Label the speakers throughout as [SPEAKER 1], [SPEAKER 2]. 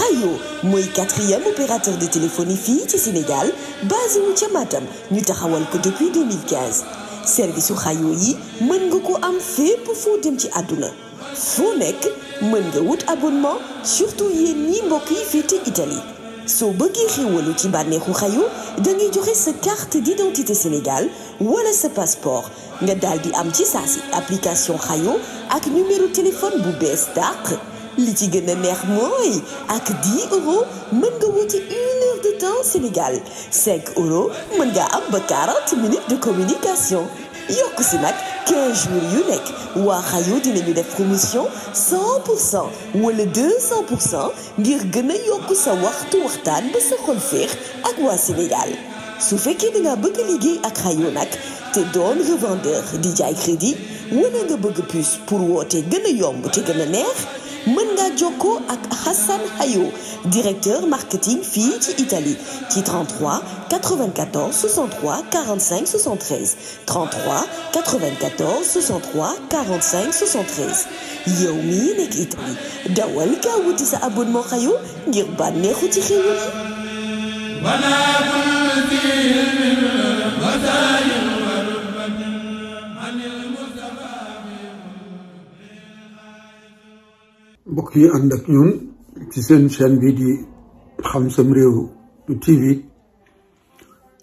[SPEAKER 1] Rayo, moi quatrième opérateur de téléphonie fixe Sénégal basé au ca nous ñu taxawal depuis 2015 service au Xayo yi mën nga ko am fait Pour dem ci àdduna foo nekk mën nga wut abonnement surtout yéen ni mbokk yi Italie so bëggee xéwalu ci bànneexu au da vous joxe sa carte d'identité Sénégal ou le passeport nga avez am ci application Xayo ak numéro téléphone bu bees li ci gëna neex ak 10 euros mën nga wuti une heure de temps Sénégal 5 euros mën nga am 40 minutes de communication yokk si nag 15 jours yu nekk waa Xayo dinañu def promotion 100 pour cent wala 200 pour cent ngir gën a yokk sa waxtu waxtaan ba sa xol féex ak waa Sénégal su fekkee da ngaa bëgg liggéey ak Xayo te doon revendeur di jaay crédit wala nga bëgg puce pour woote gën a yomb te gën neex Manga Joko ak Hassan Hayo directeur marketing Fiji Italie 33 94 63 45 73 33 94 63 45 73 Yomi nek Italy, Italie dawal wuti sa abonnement Hayo ngir
[SPEAKER 2] mbokk yi ànd ak ñun ci seen chaîne bi di xam sam réew TV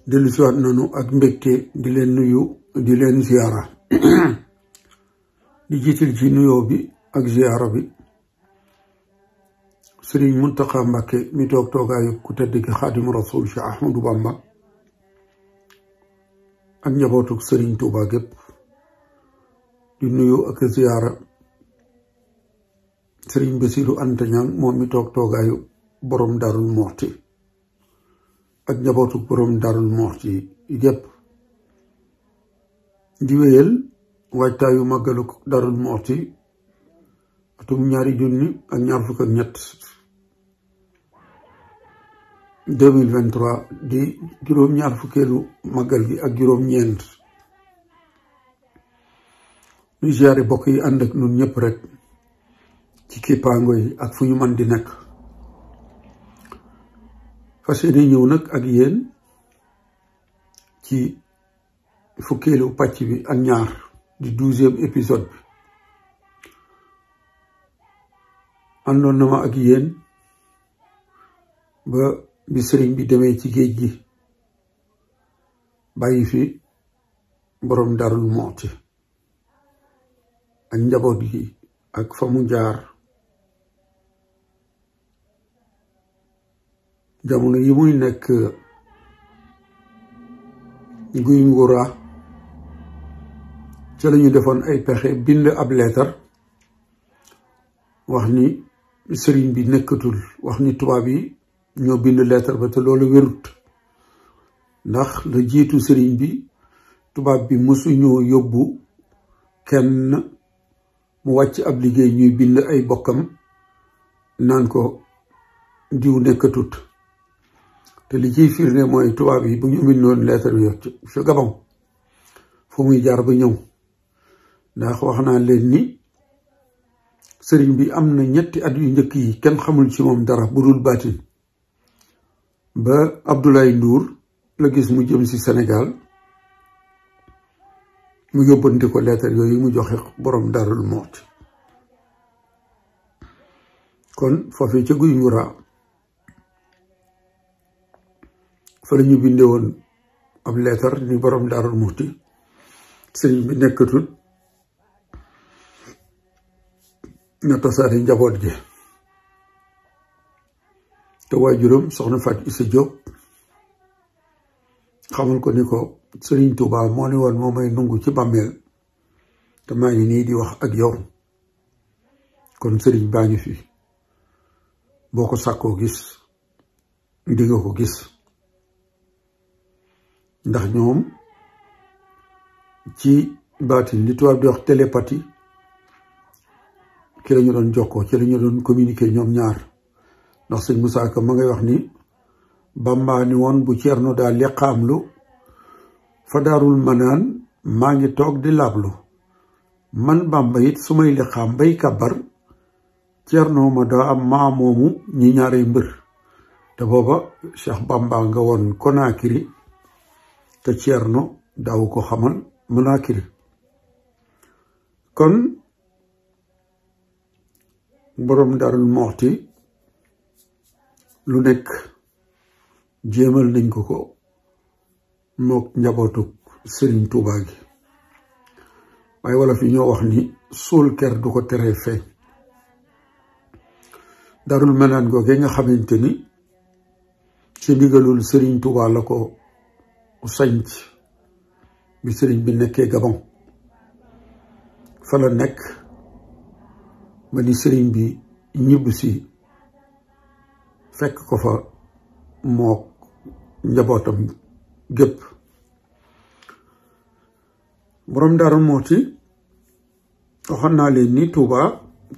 [SPEAKER 2] dellu siwaat nañu ak mbégte di nuyu di leen ziara di jiital ci nuyoo bi ak ziara bi sëriñ Muntaxa Mbàkke mi toog toogaayu ku tedd ki xaadimu rasul Cheikh Ahmadou Bamba ak njabootuk sëriñ Tuuba gépp di nuyu ak ziara Sering Bassirou Anta Niang moom mi toog borom darul moxti ak njabootu borom darul moxti yépp di wéyal waajtaayu màggalu darul moxti atum ñaari junni ak ñaar fukk ak ñett 2023 di giro ñaar fukkeelu magal gi ak juróom ñeent ñu jari bokk yi ak nun ñëpp rek ci kippaango yi ak fu ñu man di nekk fas yéene ñëw nag ak yéen ci fukkeelu pàcc bi ak ñaar di douzième épisode bi àndoon na ma ak yéen ba bi sëriñ bi demee ci géej gi bàyyi fi boroom darul mooti ak njaboot gi ak fa mu jaar jamono yi muy nekk guy nguura ca la ñu defoon ay pexe bind ab leetar wax ni sëriñ bi nekkatul wax ni tubaab yi ñoo bind leetar ba te loolu wérut ndax la jiitu sëriñ bi tubaab bi mësuñoo yóbbu kenn mu wàcc ab liggéey ñuy bind ay bokkam naan ko diw nekkatut te li ciy firnde mooy tubaab yi bu ñu bindoon lettre bi ci Gabon fu muy jaar ba ñëw ndax wax naa leen ni sëriñ bi am na ñetti at yu njëkk yi kenn xamul ci moom dara bu dul baatin ba Abdoulaye Ndour la gis mu jëm ci Sénégal mu yóbbante ko lettre yooyu mu joxe boroom Daarul Muhti kon foofee ca guy Ndura fa ñu bindee woon ab leetar ni borom daarul muxti sëñ bi nekkatul na tasaare njaboot gi te waajuram soxna Fat Issa Diop xamal ko ni ko sëriñ Tuubaa moo ni woon moo may nungu ci bàmmeel te maa ngi nii di wax ak yow kon sëriñ baa ngi fi boo ko sàkkoo gis di nga ko gis ndax ñoom ci batin li tubaab di wax telepati ci lañu doon jokko ci lañu doon communiquer ñoom ñaar ndax sëñ Moussa Ka ma ngay wax ni Bamba ni woon bu daa leqaamlu fa daarul manaan maa ngi toog di lablu man Bamba it su may leqaam bay kabar Ceerno ma daa am maa moomu ñi ñaaree mbër te booba Cheikh Bamba nga woon konakiri te Ceerno daaw ko xamal manaakil kon boroom Daarul Muxti lu nekk jéemal nañ ko ko mook njabootuk Sëriñ Tuubaa gi waaye walla fi ñoo wax ni suul ker du ko teree feeñ Daarul Manaan googee nga xamante ni ci ndigalul Sëriñ Tuubaa la ko Usayd bi sëriñ bi nekkee Gabon fa la nekk ba ni sëriñ bi ñibbisi fekk ko fa mook njabootam gépp borom Daaru Muxti waxoon naa leen ni Touba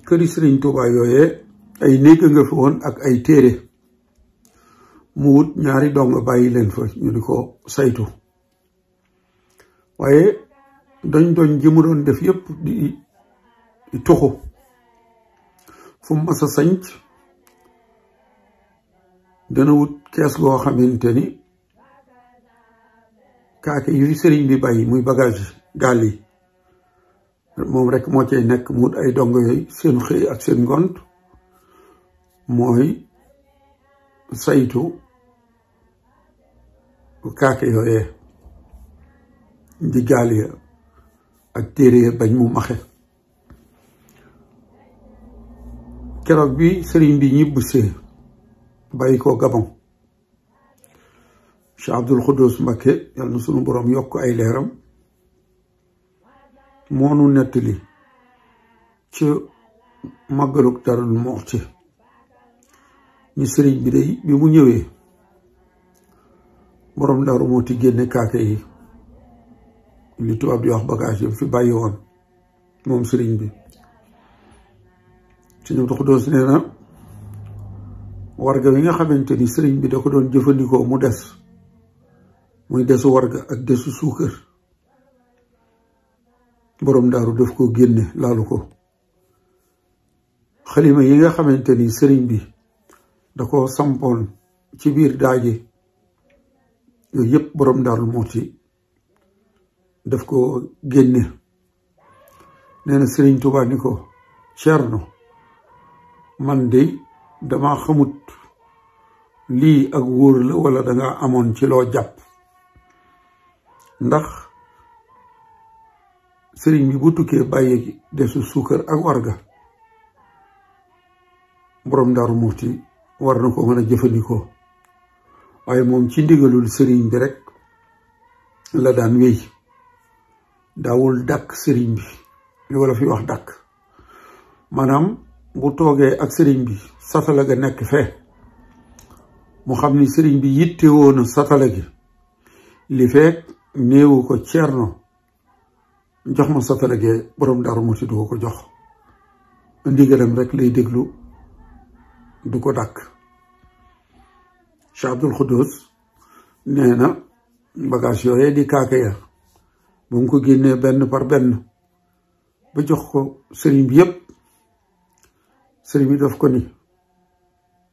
[SPEAKER 2] këri sëriñ Touba yooyee ay néeg nga fi woon ak ay téere mu wut ñaari dong bàyyi leen fa ñu di ko saytu waaye doñ doñ ji mu doon def yépp di tuxu fu mu mas dana wut kees goo xamante ni kaake yu fi sëriñ bi bàyyi muy bagage gaal yi moom rek moo cay nekk mu wut ay dong yooyu seen xëy ak seen ngont mooy saytu وكاك إيهو إيه دقالي الديري بجمو مخي keroog bi sëriñ bi ñibbisee bàyyi ko Gabon Cheikh Abdoul Khoudous Mbacké yàlla na sunu boroom yokk ay leeram moonu nettali ci màggalug Daaru Muxti ñi sëriñ bi day bi mu ñëwee boroom moo Muhti génne kaake yi li tubaab di wax bagage yi fi bàyyi woon moom sëriñ bi ci ñoom Xuddoos nee na warga wi nga xamante ni sëriñ bi da ko doon jëfandikoo mu des muy desu warga ak desu suukar boroom daaru daf ko génne laalu ko xalima yi nga xamante ni sëriñ bi da ko sampoon ci biir daaji yépp boroom borom daaru Muxti daf ko génne nee na Sëriñ Tuubaa ni ko Cerno man de dama xamut lii ak wóor la wala danga amoon ci loo jàpp ndax sëriñ bi bu tukkee bàyyi desu suukar ak warga borom daaru Muxti war na ko mën a jëfandikoo waaye moom ci ndigalul sëriñ bi rek la daan wéy daawul dàkk sëriñ bi li wala fi wax dàkk maanaam bu toogee ak sëriñ bi satala ga nekk fee mu xam ni sëriñ bi yitte woona satala gi li fekk néewu ko ceerno jox ma satala gee borom daaru mu ci du ko jox ndigalam rek lay déglu du ko dàkk Cheikh Abdul Xuddus nee na bagage yooyee di kaaka ya bu mu ko génnee benn par benn bu jox ko sëriñ bi yëpp sëriñ bi daf ko ni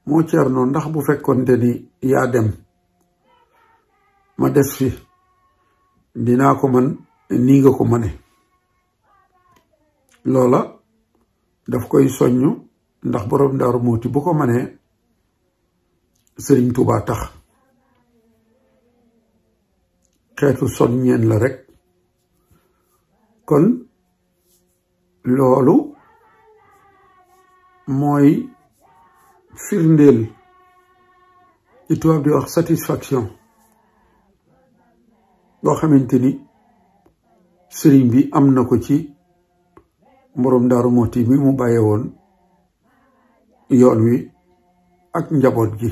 [SPEAKER 2] moo Ceerno ndax bu fekkonte ni yaa dem ma des fi dinaa ko man nii nga ko mane loola daf koy soññ ndax boroom daaru mooti bu ko manee sëriñ Tuubaa tax xeetu son ñeen la rekk kon loolu mooy firndeel li tubaab di wax satisfaction boo xamante ni sëriñ bi am na ko ci mboroom daaru Muxti bi mu bàyyee woon yoon wi ak njaboot gi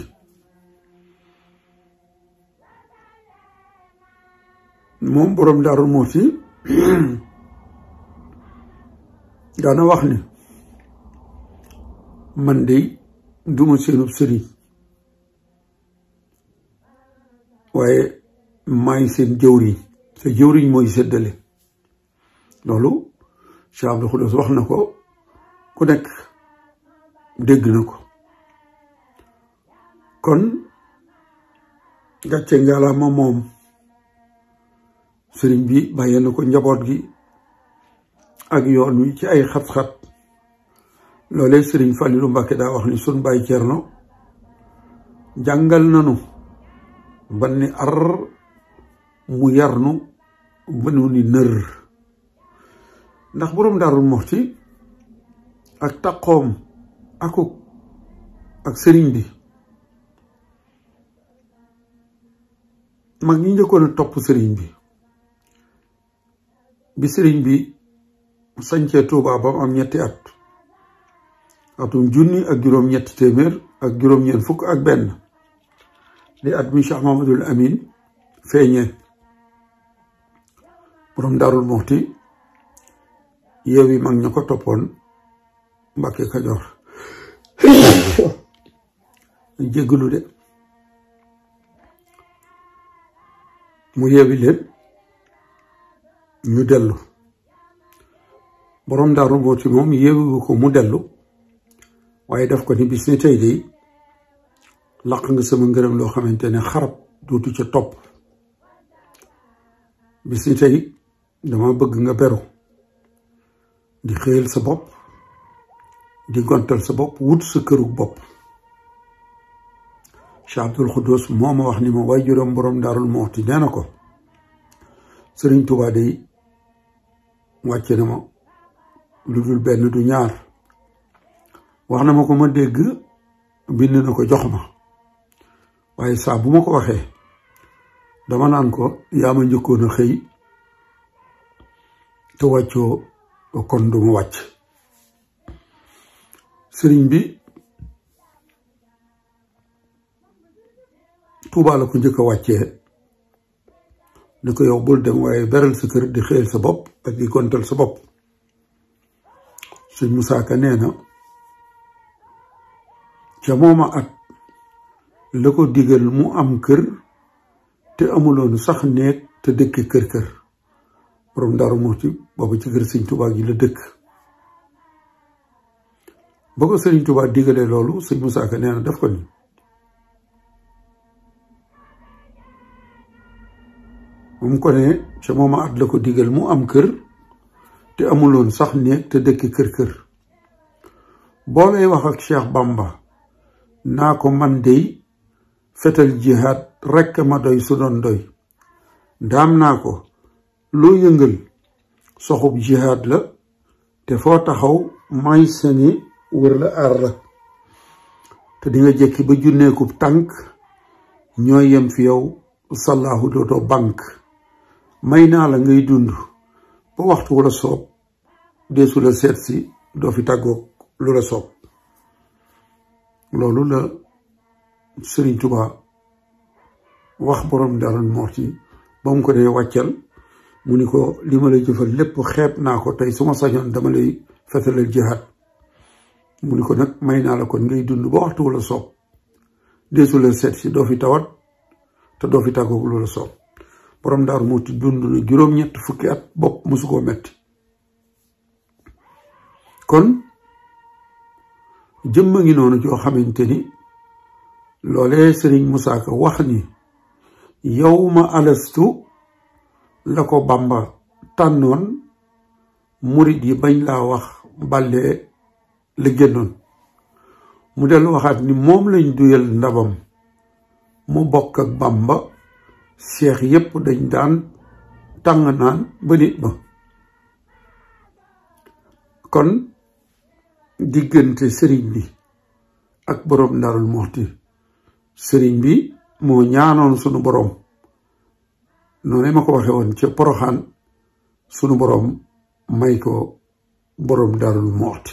[SPEAKER 2] moom boroom daaru muusi daana wax ni man de duma seenub sëriñ waaye maay seen jëwriñ sa jëwriñ mooy séddale loolu Cheikh Abdou Khoudous wax na ko ku nekk dégg na ko kon gàcce ngalaama moom sëriñ bi bàyyee ko njaboot gi ak yoon wi ci ay xat-xat loolee sëriñ Falilu mbake da wax ni sun bay cierno jangal nanu banni ar mu yarnu banu ni neur ndax borom darul moxti ak taqoom akuk ak sëriñ bi mag ñi njëkkoon top bi bi sëriñ bi sañcee Tuubaa am ñetti at atum junni ak juróom ñetti téeméer ak juróom ñeent fukk ak benn di at mi Cheikh Mahamadul Amin feeñee borom daarul muxti yeewi mag ña toppoon Mbàkke Kajoor jéggalu de mu yeewi leen ñu dellu boroom daaru Muxti moom yéewu ko mu dellu waaye def ko ni bis ni tey de laq nga sama ngërëm loo xamante ne xarab dootu ca topp bis ni tey dama bëgg nga beru di xëyal sa bopp di gontal sa bopp wut sa kërug bopp Cheikh Abdul Xuddus moo ma wax ni ma waajuram boroom daarul Muxti nee na ko Sëriñ Tuubaa day wàcce na ma lu dul benn du ñaar wax na ma ko ma dégg bind na ko jox ma waaye saa bu ma ko waxee dama naan ko yaa ma njëkkoon a xëy te wàccoo kon du ma wàcc sëriñ bi Tuubaa la ko njëkk a wàccee ni ko yow bul dem waaye beral sa kër di xëyal sa bopp ak di gontal sa bopp sëñ Musaa Ka na ca mooma at la ko digal mu am kër te amuloon sax néeg te dëkke kër kër borom Daaru Muxti booba ci kër sëñ Tuubaa gi la dëkk ba ko sëñ Tuubaa digalee loolu sëñ Musaa Ka nee na daf ko ni bu mu ko ne ca mooma at la ko digal mu am kër te amuloon sax néeg te dëkk kër-kër boobee wax ak Cheikh Bamba naa ko man dey fetal jihaad rekk ma doy su doon doy ndaam naa ko loo yëngal soxub jihaad la te foo taxaw may sani wër la aar la te dinga jekki ba junneekub tànk ñoo yem fi yow sallaahu dootoo bank may naa la ngay dund ba waxtu wala soob deesu la seet si doo fi tàggoog lu la soob loolu la Sëriñ Tuba wax borom Daaru Muxti ba mu ko dee mu ni ko li ma lay jëfal lépp xeeb naa ko tey su ma sañoon dama lay fetalal jihaad mu ni ko nag may naa la kon ngay dund ba waxtu wala soob deesu la seet si doo fi tawat te doo fi tàggoog lu la soob borom daaru muuti dund na juróom ñett fukki at bopp musu metti kon jëm ngi nonu joo xamanteni lolé sëriñ musa Ka wax ni yawma alastu lako bamba tanon murid di yi bañ la wax balé le gennon mu del waxat ni mom lañ duyel ndabam mu bokk ak bamba seex yépp dañ daan tàng naan ba nit ba kon diggante sëriñ bi ak boroom Daarul Muxti sëriñ bi moo ñaanoon sunu boroom noonu ma ko waxe woon ca poroxaan sunu boroom may ko boroom Daarul Muxti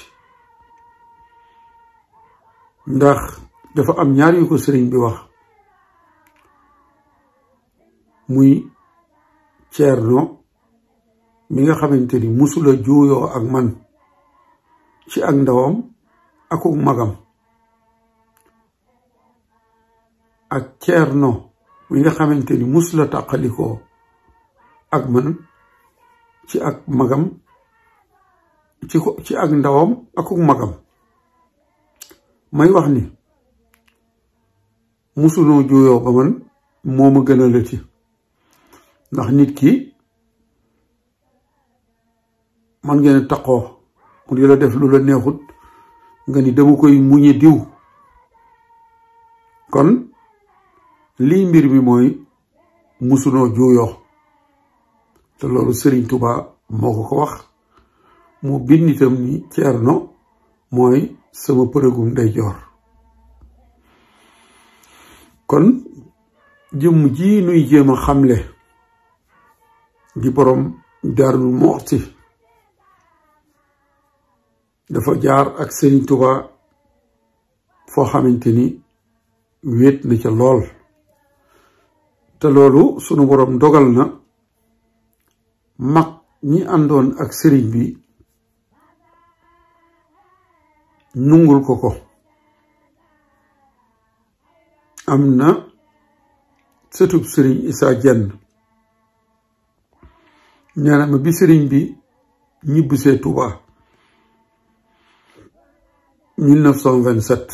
[SPEAKER 2] ndax dafa am ñaar yu ko sëriñ bi wax muy Thierno mi nga xamante ni musula juuyoo ak man ci ak ndawam akuk magam ak Thierno mi nga xamante ni musula tàqalikoo ak man ci ak magam ci ak ndawam akuk magam may wax ni musunoo juuyoo ba man moo ma gën a lëti ndax nit ki man ngeen taqoo mu di la def lu la neexut nga ni dama koy muñe diw kon lii mbir mi mooy musunoo juuyoo te loolu Serigne Touba moo ko ko wax mu bind itam ni Ceerno mooy sama përëgum day joor kon jëmm ji nuy jéem xamle di borom darul mu'ti dafa jaar ak sëriñ touba fo xamanteni wet na ci lol te lolou sunu borom dogal na mak ñi andon ak sëriñ bi nungul ko ko am na sëtub isa jenn ñaanal ma bi sëriñ bi ñibbisee Touba 1927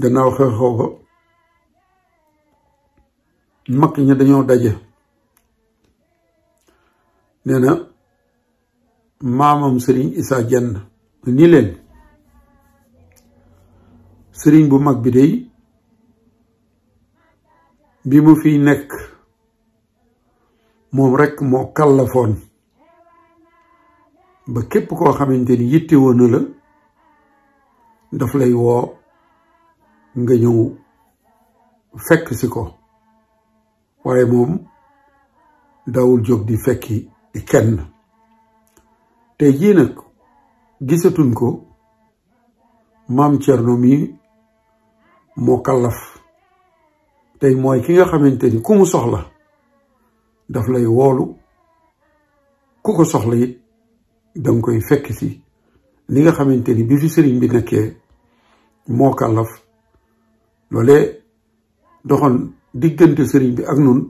[SPEAKER 2] gannaaw xew-xew ba mag ñi dañoo daje nee na maamam sëriñ Issa Diène ni leen sëriñ bu mag bi day bi mu fiy nekk moom rekk moo kàllafoon ba képp koo xamante ni yittewoo la daf lay woo nga ñëw fekk si ko waaye moom daawul jóg di fekki kenn tey jii nag gisatuñ ko maam Cerno mi moo kàllaf tey mooy ki nga xamante ni ku mu soxla daf lay woolu ku ko soxla it danga koy fekk si li nga xamante ni bi fi sëriñ bi nekkee moo kàllaf loolee doxoon diggante sëriñ bi ak nun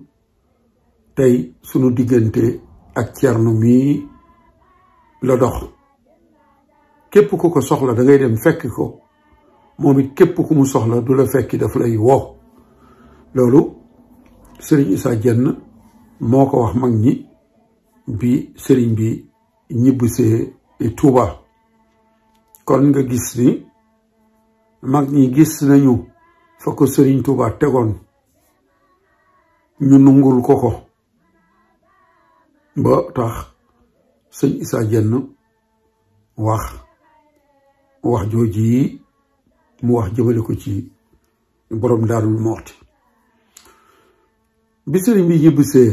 [SPEAKER 2] tey sunu diggante ak cernu mii la dox képp ku ko soxla da ngay dem fekk ko moom it képp ku mu soxla du la fekki daf lay woo loolu sëriñ Issa Dienne moo ko wax mag ñi bi sëriñ bi ñibbisee Tuuba kon nga gis ni mag ñi gis nañu fa sëriñ Tuuba tegoon ñu nungul ko ko ba tax sëñ Issa Diène wax wax jooji yi mu wax jëmale ko ci borom Daarul Muxti bi sëriñ bi ñibbisee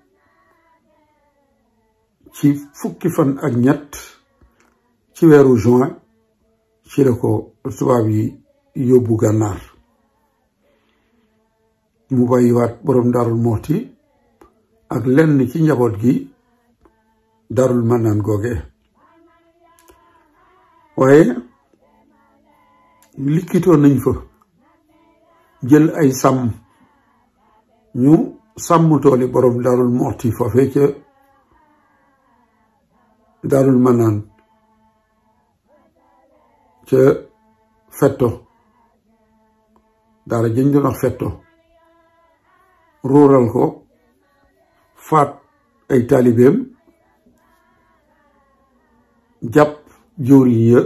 [SPEAKER 2] ci fukki fan ak ñett ci weeru juin ci la ko tubaab yi yóbbu gànnaar mu bàyyiwaat boroom daarul moxti ak lenn ci njaboot gi daarul mannaan googe waaye likkitoon nañ fa jël ay sàmm ñu sàmm tooli boroom daarul moxti foofee ca daarul manaan ca fetto daara jëñ doon wax fetto ruural ko faat ay taalibeem jàpp jawriñ ya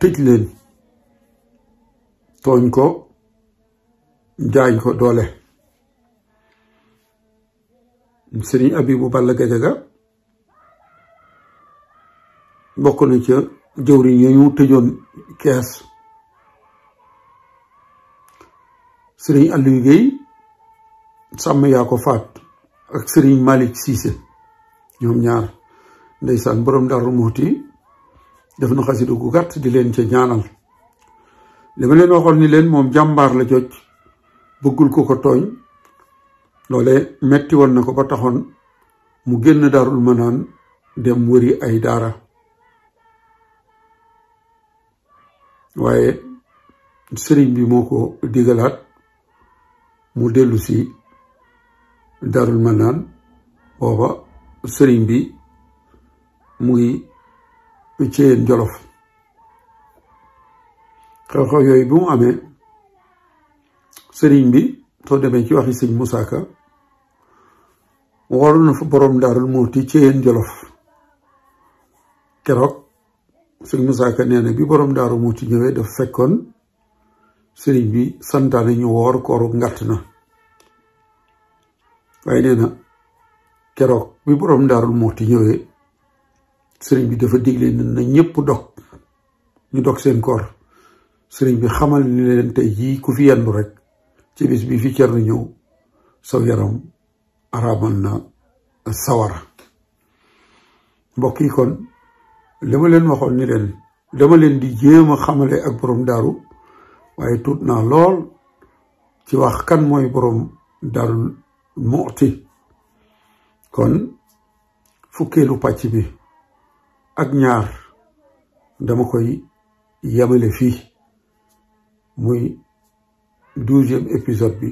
[SPEAKER 2] tëj leen tooñ ko jaañ ko doole sëriñ Abibu Balla Gajaga bokk na ca jëwriñ yooyu tëjoon kees sëriñ Aliou Guèye sàmm yaa ko faat ak sëriñ Malick Cissé ñoom ñaar ndeysaan boroom Daaru Muxti def na xasida gu gàtt di leen ca ñaanal li leen waxoon ni leen moom jàmbaar la joj bëggul ko ko tooñ loole metti woon na ko ba taxoon mu génn daarul naan dem wëri ay daara waaye sëriñ bi moo ko digalaat mu dellu Daarul Manaan booba sëriñ bi mu ngi ceyeen jolof xew-xew yooyu bi mu amee sëriñ bi soo demee ci waxi sëñ Musaa Ka waroon na fa boroom daarul moo ti ceyeen jolof keroog sëñ Moussa Ka nee bi borom daaru moo ci ñëwee dafa fekkoon sëriñ bi santaane ñu woor kooru ngàtt na waaye nee na keroog bi borom daaru moo ñëwee sëriñ bi dafa digle na ñëpp dog ñu dog seen koor sëriñ bi xamal ni leen tey jii ku fi yendu rek ci bis bi fi cer na ñëw saw yaram araamal na sawara mbokk kon li ma leen waxoon ni leen dama leen di jéem a xamale ak borom daaru waaye tuut naa lool ci wax kan mooy borom daaru muxti kon fukkeelu pàcc bi ak ñaar dama koy yamale fii muy douzième épisode bi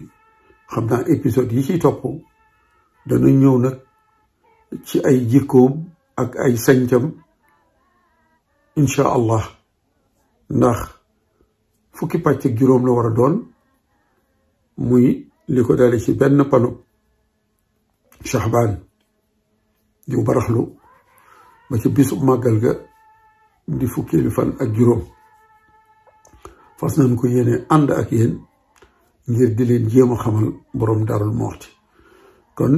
[SPEAKER 2] xam naa épisode yi ci topp dana ñëw nag ci ay jikkoom ak ay sañcam ان شاء الله ناخ فوكي باتي جيروم لا ورا دون موي ليكو دالي سي بن بانو شعبان ديو برخلو ما سي بيسو ماغالغا دي فوكي لو فان اك جيروم فاسنا نكو ييني اند اك يين ngir di len jema xamal borom darul morti kon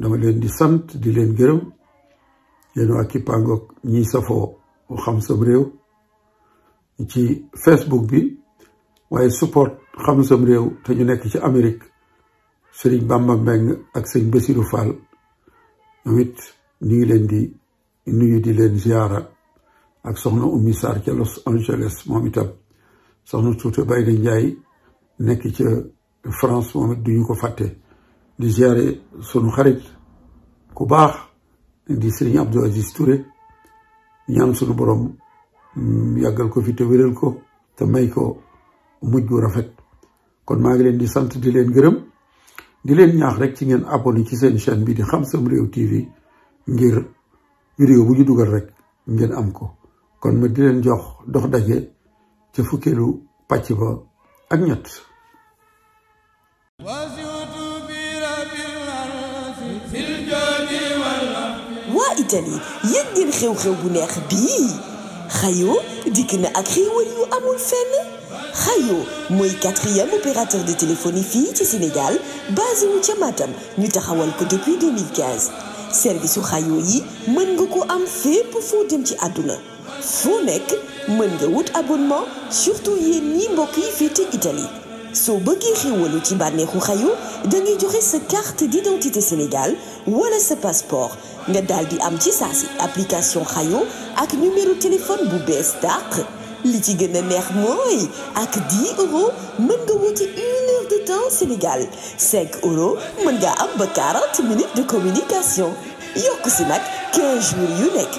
[SPEAKER 2] dama len di sante di len geureum yeno akipango ñi safo mu xam Rew, réew ci Facebook bi waaye support xam Rew, réew te ñu nekk ci Amérique Serigne Bamba Mbeng ak sëñ Bassirou Fall ñoom it ñu ngi leen di nuyu di leen ziara ak soxna Oumy Sarr ca Los Angeles moom itam soxna Tuuta Bayda Njaay nekk ca France moom it duñu ko fàtte di ziare sunu xarit ku baax di Serigne Abdou Aziz Touré ñaan suñu boroom mm, yàggal ko fi te wéral ko te may ko mujj gu rafet kon maa ngi leen di sant di leen gërëm di leen ñaax rek ci ngeen abonné ci seen chaîne bi di Xam Sam Réew TV ngir vidéo bu ñu dugal rek ngeen am ko kon ma di leen jox dox daje ca fukkeelu pàcc ba ak ñett
[SPEAKER 1] Italie yéen ngeen xew-xew bu neex bii xayo dikk na ak xéewal yu amul fenn Rayo mooy quatrième opérateur de téléphonie fii ci Sénégal basé wu ca Matam ñu taxawal ko depuis 2015 service xayo yi mën nga ko am fépp foo dem ci àdduna foo nekk mën nga wut abonnement surtout yéen ñi mbokk yi féete Italie soo bëggee xéwalu ci bànneexu xayu da ngay joxe sa carte d'identité Sénégal wala sa passeport nga daldi am ci sasi application xayu ak numéro téléphone bu bees dàq li ci gëna neex moy ak 10 euros mën nga wuti une heure de temps Sénégal 5 euros mën nga am ba 40 minutes de communication yokku si nag 15 jours yu nekk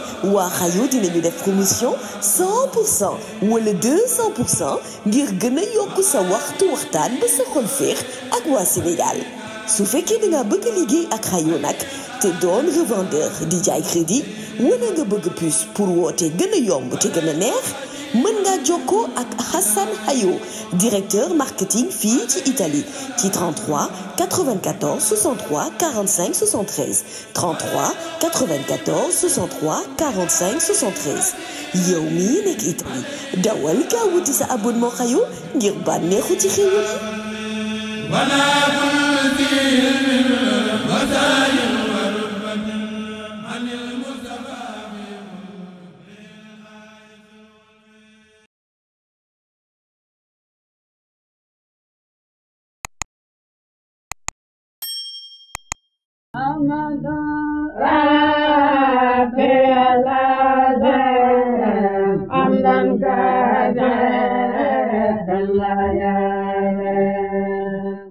[SPEAKER 1] dinañu def promotion 100 pour cent wala 200 ngir gëna a sa waxtu waxtaan ba sa xol féex ak waa Sénégal su fekkee da nga bëgg liggéey ak Rayo nag te doon revendeur di jaay crédit wala nga bëgg puce pour woote gën a yomb te gën a neex mën Joko Hassan Hayo directeur marketing Fiji Italie T 33 94 63 45 73 33 94 63 45 73 yoomi dawal ka abonnement Hayo ngir
[SPEAKER 2] Amen.